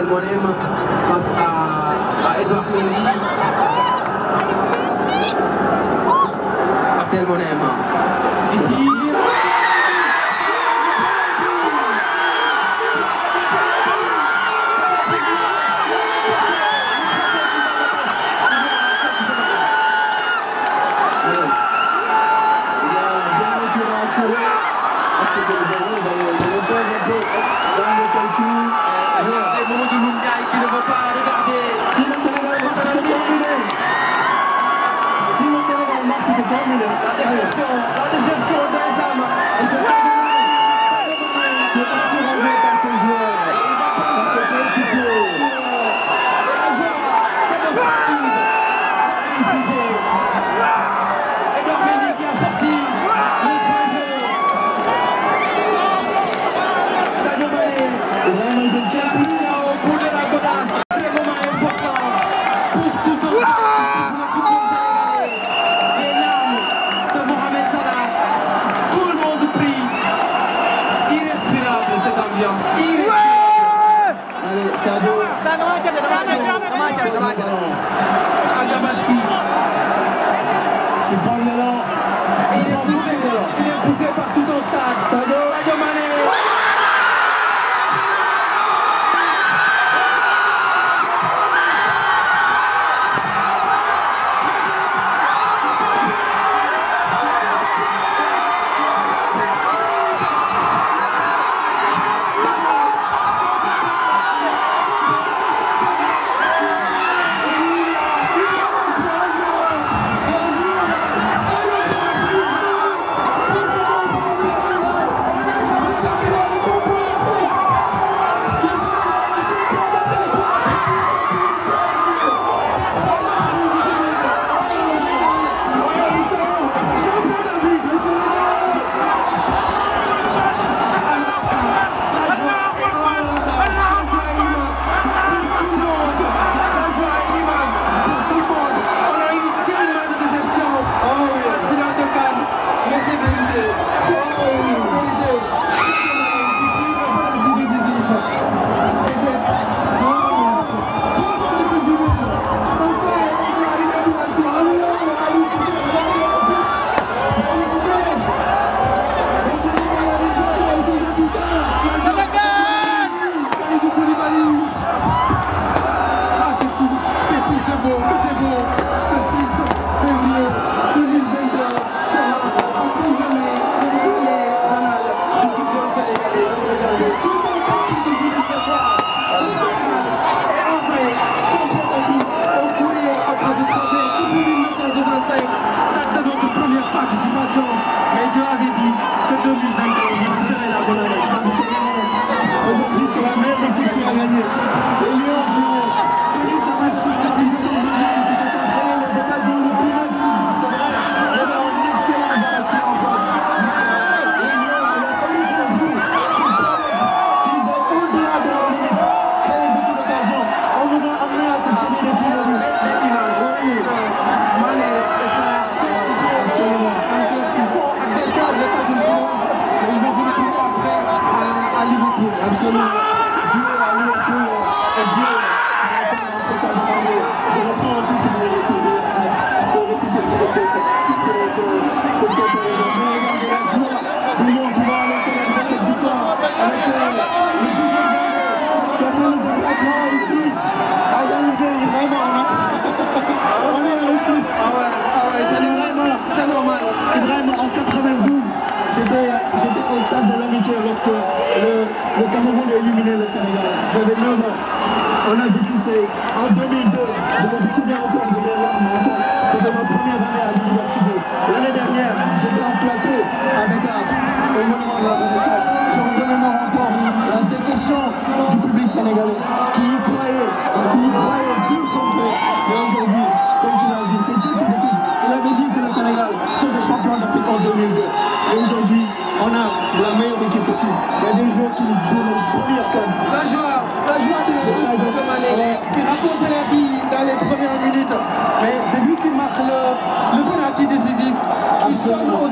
de Gonema face à, à Edouard Mendy. damaa jël damaa jël damaa jël Thank you.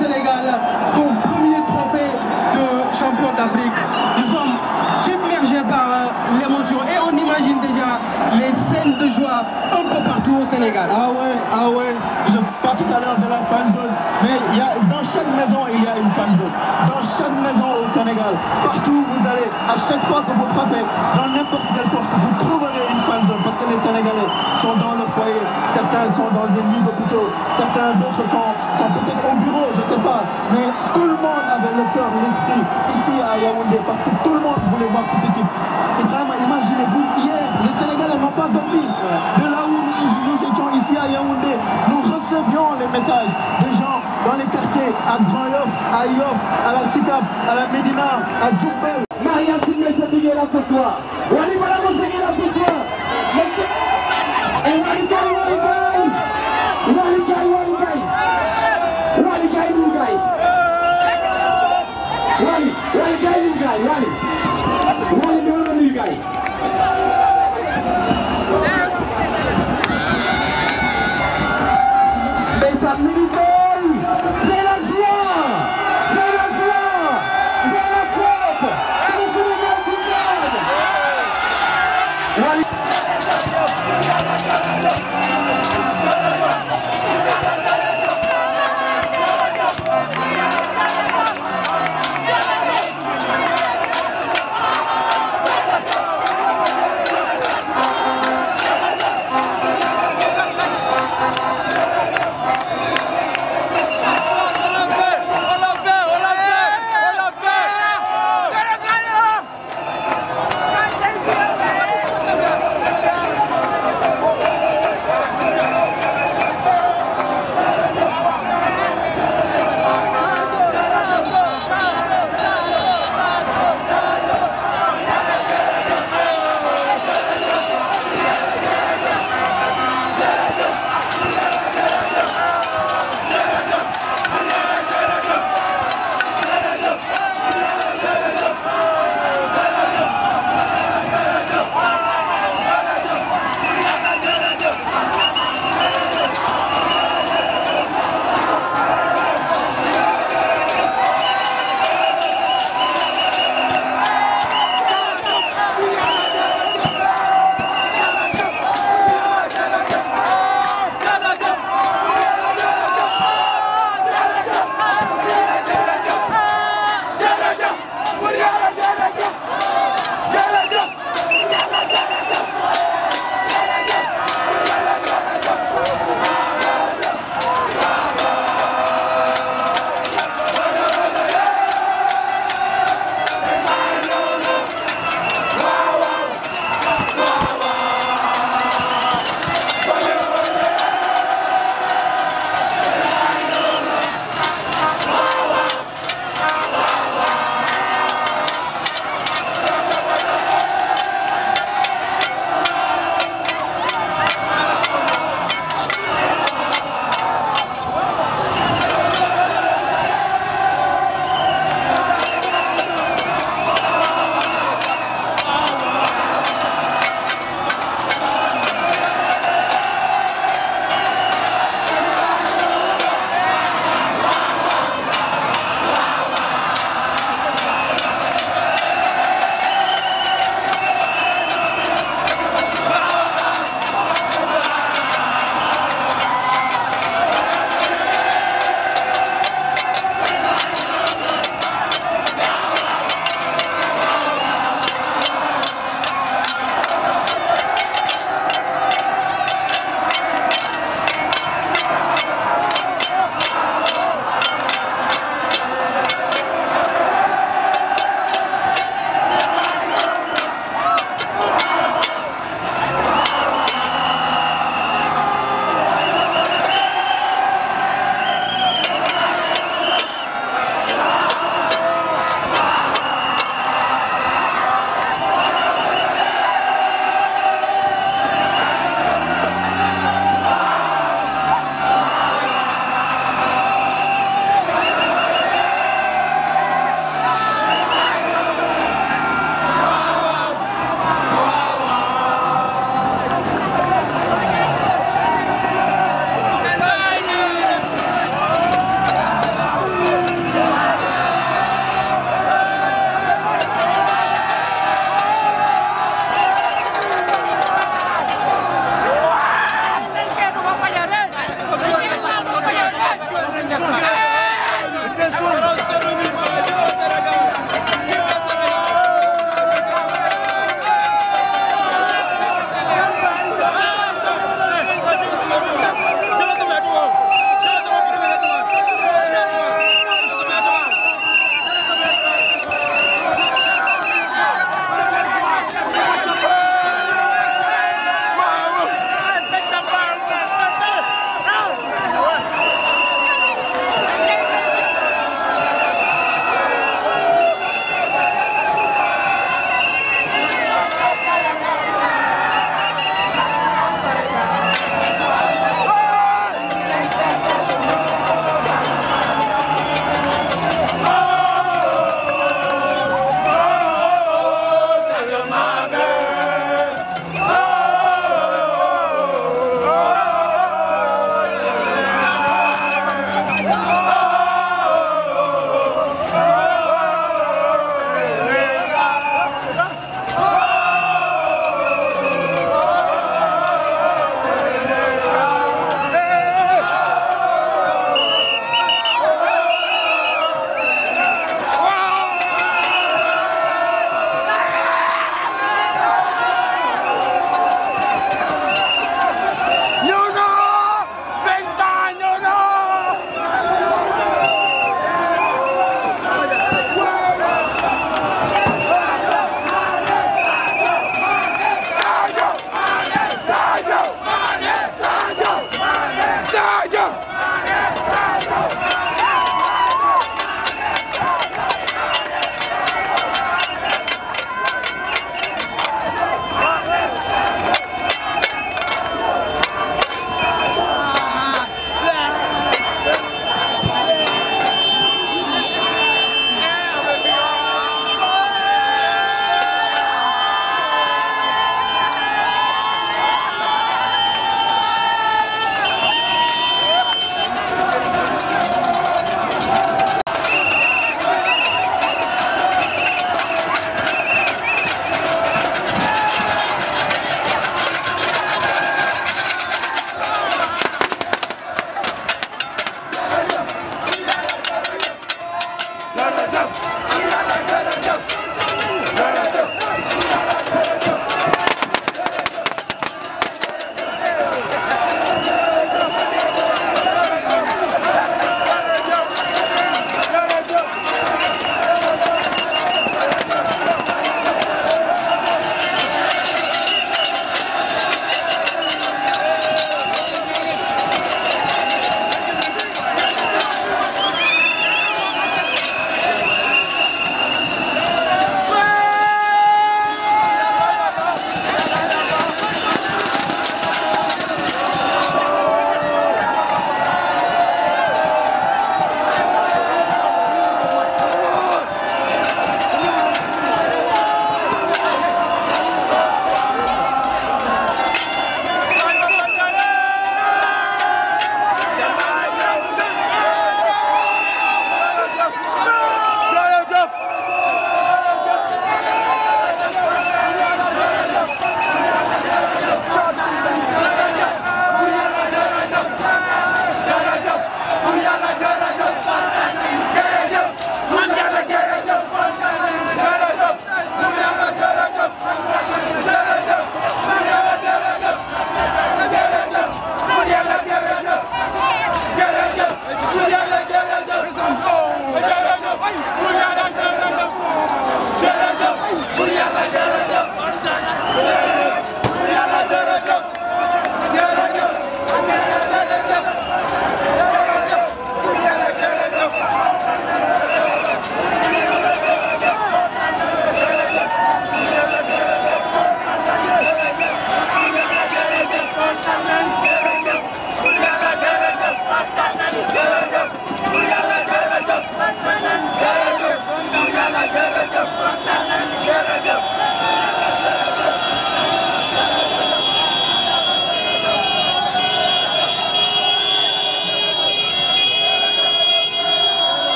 Sénégal son premier trophée de champion d'Afrique. Euh, et on imagine déjà les scènes de joie un peu partout au Sénégal. Ah ouais, ah ouais, tout à l'heure de la fan zone, mais il y a, dans chaque maison a au Sénégal, partout vous allez, à chaque fois que vous frappez, dans n'importe quelle porte, vous trouverez une fan zone parce que les Sénégalais sont dans leur foyer, certains sont dans des lits d'hôpitaux, certains d'autres sont, peut-être au bureau. sais pas, mais tout le monde avait le l'esprit ici à Yaoundé parce que tout le monde voulait voir cette équipe. vraiment, imaginez-vous, hier, les Sénégalais n'ont pas dormi. De là où nous, étions ici à Yaoundé, nous recevions les messages des gens dans les quartiers, à Grand à Yoff, à la Sicap, à la Médina, à Djourbel. Maria Simé s'est là ce soir. gaay Wally la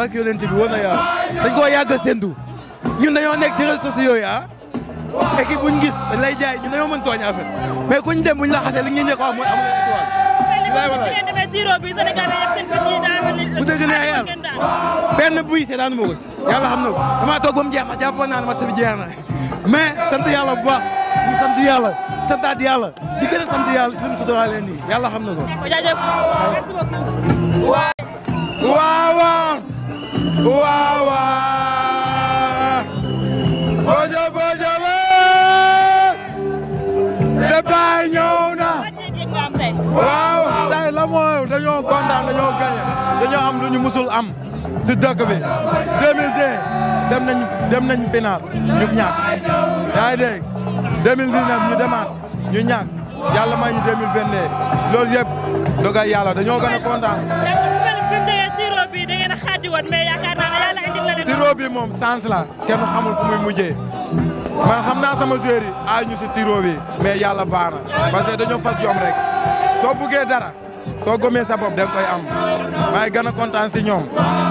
barke yonent bi woon na yàlla dañ koo yàgg a séntu ñun dañoo nekk ci réseaux sociaux yooyu ah équipe buñ gis dañ lay jaay ñun dañoo mën tooñ affaire mais kuñ dem buñ la xasee li ñuy njëkk a wax mooy amul étoile. bu dëgg ne yàlla benn buy see daan ma ko si yàlla xam na ko damaa toog ba mu jeex ma jàppoon naa ne match bi jeex na mais sant yàlla bu baax ñu sant yàlla santaat yàlla di gën a sant yàlla ci li mu tuddalee nii yàlla xam na ko. waawaa bojo bojo ba baay ñëw na waaw tey la mooy dañoo kontaan dañoo gañe dañoo am lu ñu musul am si dëkk bi 2010 dem nañ dem nañ final ñu ñàkk yaa ngi dégg 2019 ñu demaat ñu ñàkk yàlla may ñu 2022 loolu yëpp dogal yàlla dañoo gën a kontaan. mais yaakaar tiro bi moom sans la kenn xamul fu mujjee man xam naa sama joueur yi aay ñu si tiro mais yàlla baax na parce que dañoo fas yom rek soo buggee dara soo gomee sa bopp da nga koy am maa ngi gën a kontaan si ñoom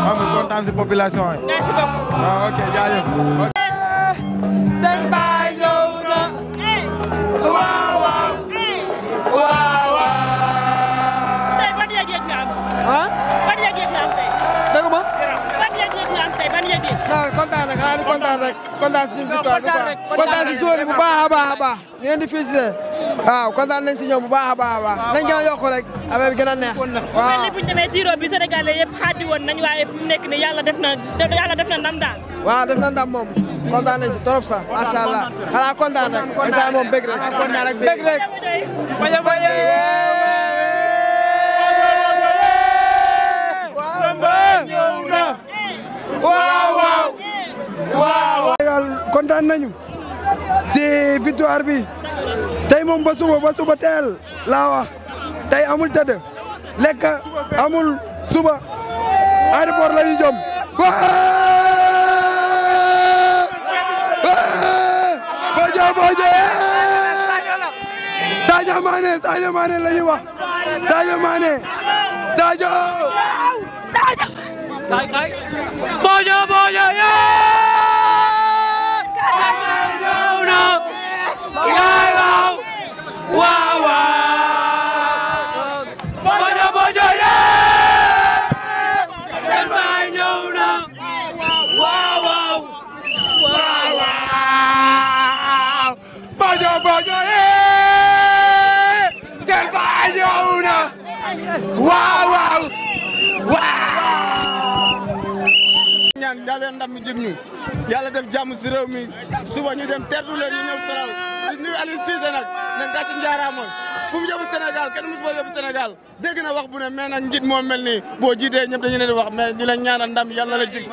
xam nga kontaan yi. merci beaucoup waaw ah, ok xanaa di kontaan rek bu baax a baax a baax ñu leen waaw kontaan si ñoom bu baax a baax a baax nañ gën a yokk rek affaire bi gën a neex waaw mel ni bi sénégalais yëpp xaati woon nañ waaye fi mu nekk ni yàlla def na yàlla def na ndam daal waaw def na ndam moom kontaan nañ si trop sax macha allah xanaa kontaan rek instant moom bëgg waaw Sénégal kontaan nañu si victoire bi tey moom ba suba ba suba teel laa wax tey amul tëdd lekk amul suba aéroport la ñu jëm bojo bojo Sadio Mané Sadio Mané la ñuy wax Sadio Mané Sadio Sadio bojo bojo waaw waaw waaw ñaan yàlla ndam mi jëm ñu yàlla def jàmm si réew mi suba ñu dem tertu leen ñu ñëw saral nuyu Aliou Cissé nag ne gàcce njaaraama fu mu yóbbu Sénégal kenn mosu fa yóbbu Sénégal na wax bu ne mais nag njiit mel ni boo jiitee ñëpp dañu leen di wax mais ñu leen ñaanal ndam yàlla la jig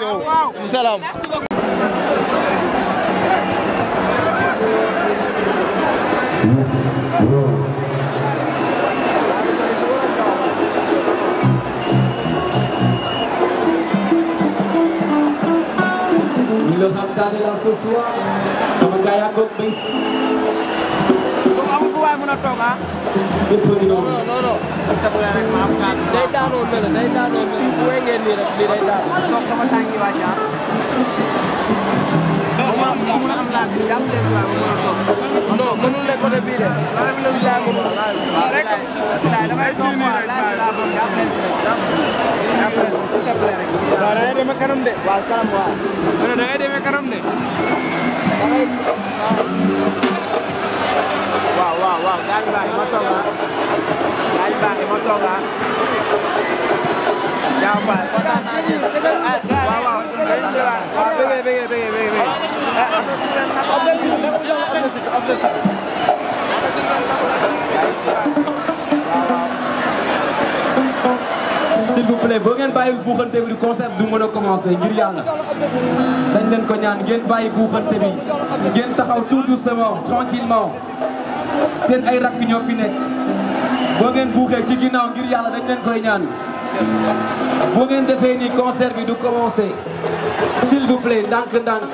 si mën a toog ah. non non non. day daanoo mel ne day daanoo mel ne bu wegee nii rek lii day daanoo. donc sama tànk yi wàcc ah. mu mën a am laaj bi jàpp leen si waaye mu mën a toog. non mënul ne côté bii de. côté bi la ñu saa mënul. waaw rek damay toog quoi laaj laa bëgg jàpp leen si rek. jàpp leen si s'il te plaît rek. waaw da ngay demee kanam de. waaw kanam waaw. da ngay demee kanam de. damay waaw. waaw waaw waaw gaañ baax ma toog ah gaañ baax ma toog ah jaaw faal kontaan ah, naa ci waaw waaw bëggee bëggee bëggee bëggee s'il vous plaît boo ngeen bàyyi buuxante bi concert du mën a commencé ngir yàlla dañ leen ko ñaan ngeen bàyyi buuxante bi ngeen taxaw tout doucement tranquillement seen ay rakk ñoo fi nekk boo ngeen buuxee ci ginnaaw ngir yàlla dañ leen koy ñaan boo ngeen defee ni concert bi du commencer s'il vous plaît ndànk-ndànk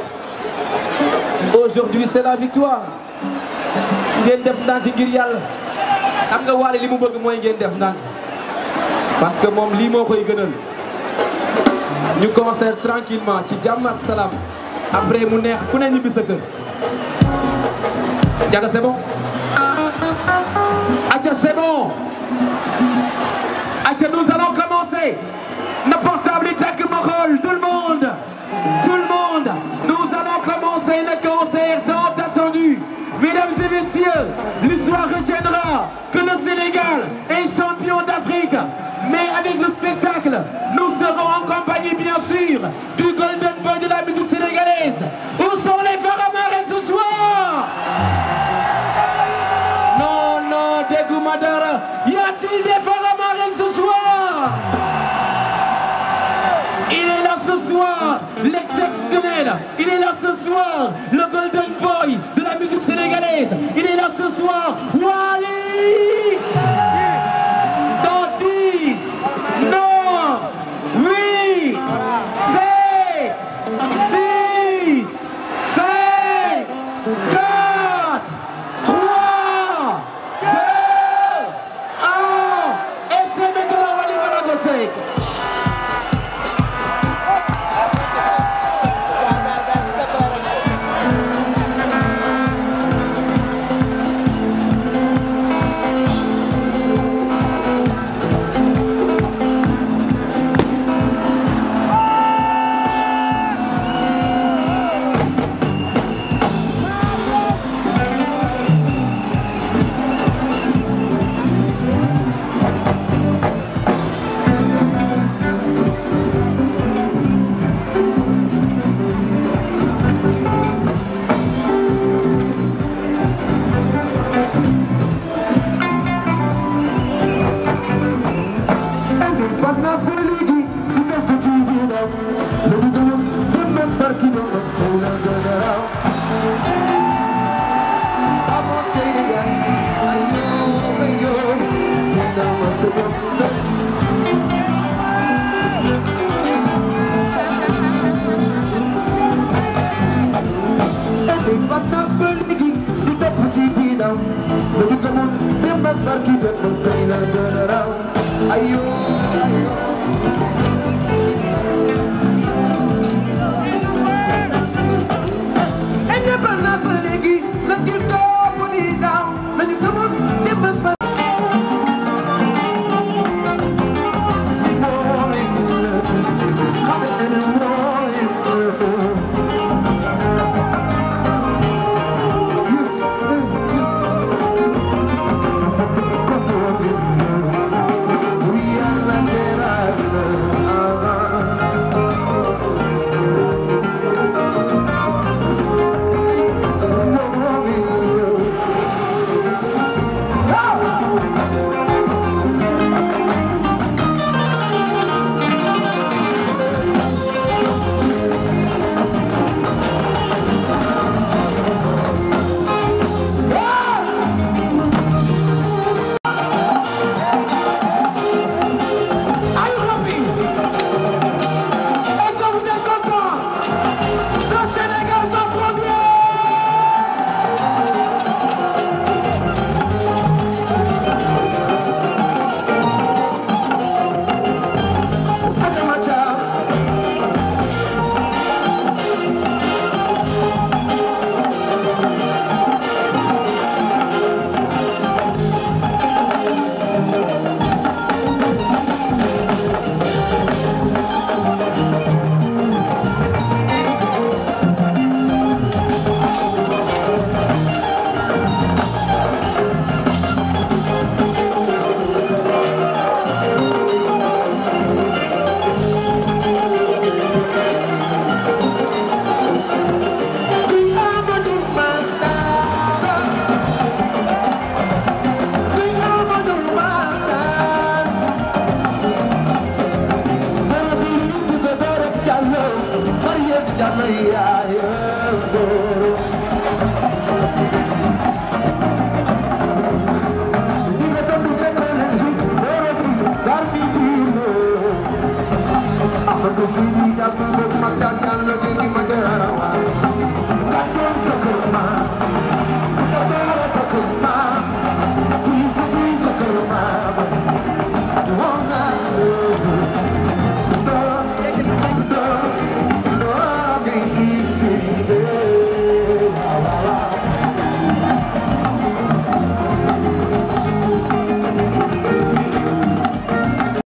aujourd'hui c'est la victoire ngeen def ndànk ngir yàlla xam nga Wally li mu bëgg mooy ngeen def ndànk parce que moom lii moo koy gënal ñu concert tranquillement ci jàmm ak salaam après mu neex ku ne ñibbi sa kër jaga c'est Atia, c'est nous allons commencer. Le portable est Morol, tout le monde. Nous allons commencer le concert attendu. Mesdames et messieurs, l'histoire retiendra que le Sénégal est champion d'Afrique. Mais avec le spectacle, il